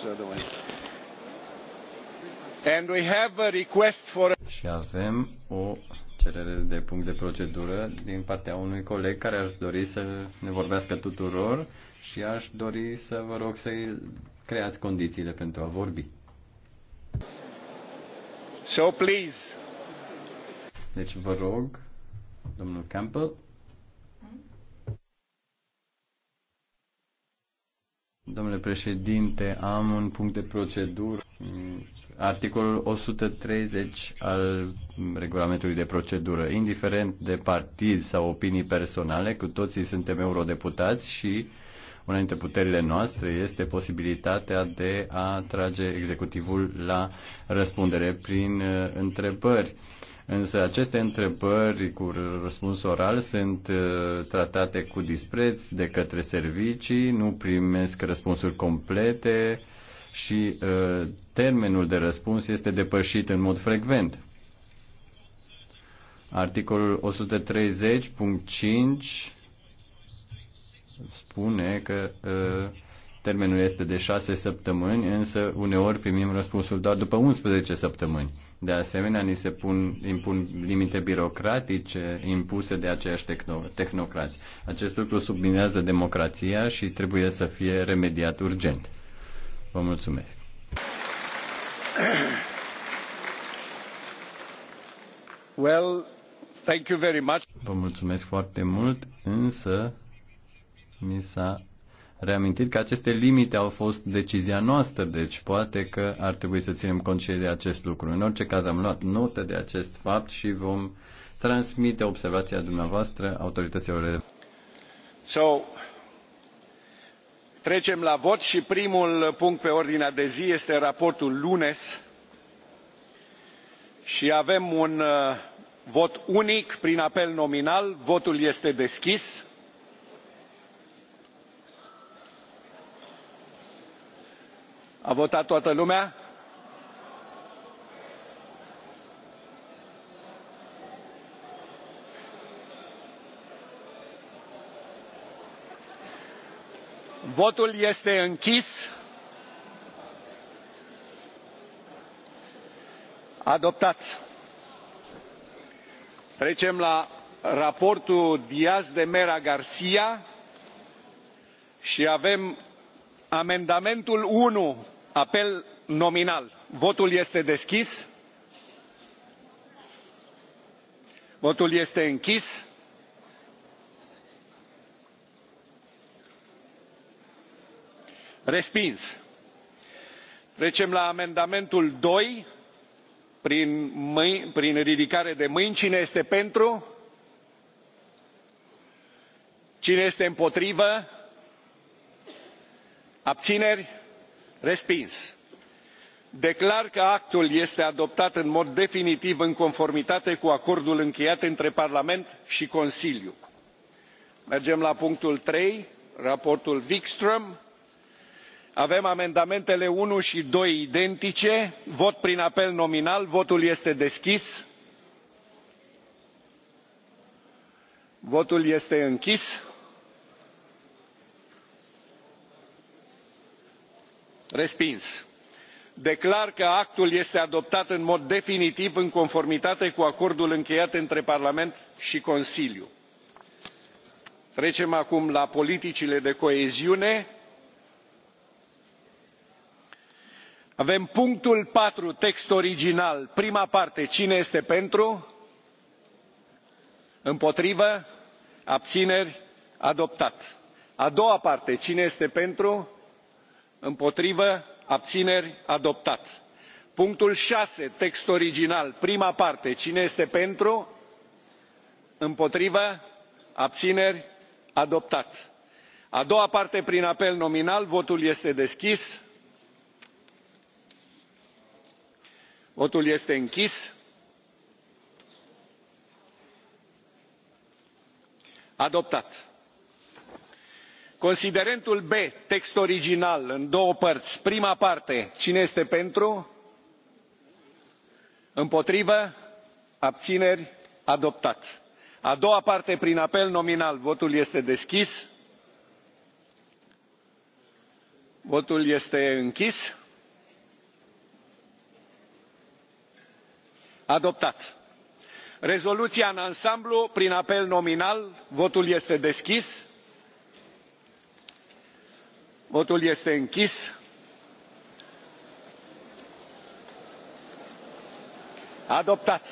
Și avem o cerere de punct de procedură din partea unui coleg care aș dori să ne vorbească tuturor și aș dori să vă rog să-i creați condițiile pentru a vorbi. So please. Deci vă rog, domnul Campbell. Domnule președinte, am un punct de procedură. Articolul 130 al regulamentului de procedură. Indiferent de partid sau opinii personale, cu toții suntem eurodeputați și una dintre puterile noastre este posibilitatea de a trage executivul la răspundere prin uh, întrebări. Însă aceste întrebări cu răspuns oral sunt uh, tratate cu dispreț de către servicii, nu primesc răspunsuri complete și uh, termenul de răspuns este depășit în mod frecvent. Articolul 130.5 spune că uh, termenul este de 6 săptămâni, însă uneori primim răspunsul doar după 11 săptămâni. De asemenea, ni se pun, impun limite birocratice impuse de aceiași tehno, tehnocrați. Acest lucru subminează democrația și trebuie să fie remediat urgent. Vă mulțumesc. Well, thank you very much. Vă mulțumesc foarte mult, însă mi s-a reamintit că aceste limite au fost decizia noastră, deci poate că ar trebui să ținem cont și de acest lucru. În orice caz am luat notă de acest fapt și vom transmite observația dumneavoastră autorităților. So, trecem la vot și primul punct pe ordinea de zi este raportul Lunes și avem un uh, vot unic prin apel nominal. Votul este deschis a votat toată lumea? votul este închis. adoptat. trecem la raportul Diaz de mera Garcia și avem amendamentul 1 apel nominal votul este deschis votul este închis respins. trecem la amendamentul doi prin, prin ridicare de mâini cine este pentru? cine este împotrivă? abțineri? respins. declar că actul este adoptat în mod definitiv în conformitate cu acordul încheiat între parlament și consiliu. mergem la punctul trei raportul wikstrm avem amendamentele unu și doi identice vot prin apel nominal votul este deschis votul este închis respins. declar că actul este adoptat în mod definitiv în conformitate cu acordul încheiat între parlament și consiliu. trecem acum la politicile de coeziune. avem punctul patru text original prima parte cine este pentru? împotrivă? abțineri? adoptat. a doua parte cine este pentru? împotrivă abțineri adoptat. punctul șase text original prima parte cine este pentru? împotrivă abțineri adoptat. a doua parte prin apel nominal votul este deschis. votul este închis. adoptat considerentul b text original în două părți prima parte cine este pentru? împotrivă? abțineri? adoptat. a doua parte prin apel nominal votul este deschis. votul este închis. adoptat. rezoluția în ansamblu prin apel nominal votul este deschis votul este închis. adoptați.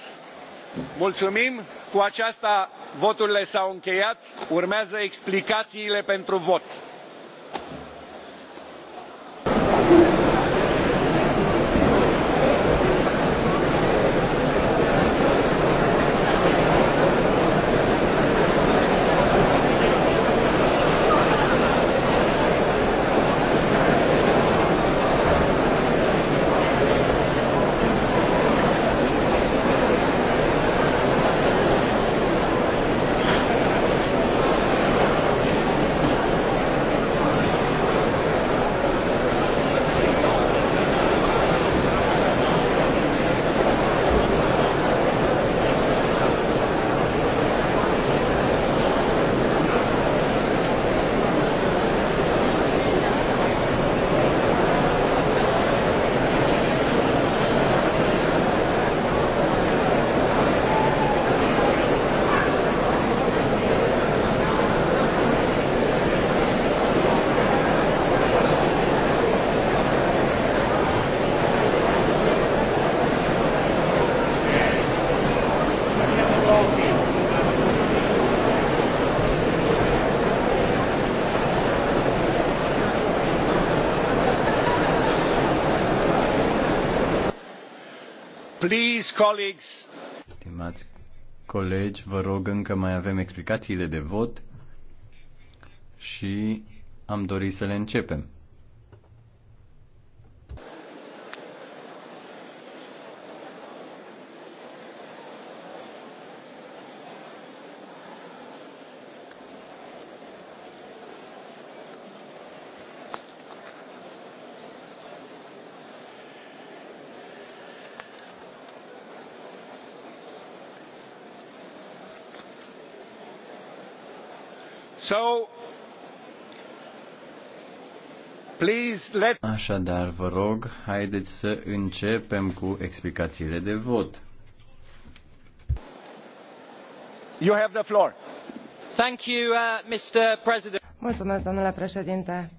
mulțumim cu aceasta voturile s au încheiat urmează explicațiile pentru vot. Please, colleagues. Stimați colegi, vă rog, încă mai avem explicațiile de vot și am dorit să le începem. Așadar, vă rog, haideți să începem cu explicațiile de vot. You have the floor. Thank you, uh, Mr. President. Mulțumesc, domnule președinte.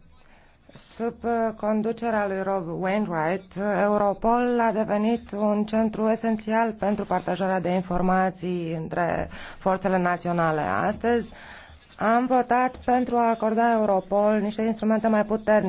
Sub uh, conducerea lui Rob Wainwright, uh, Europol a devenit un centru esențial pentru partajarea de informații între forțele naționale. Astăzi, am votat pentru a acorda Europol niște instrumente mai puternice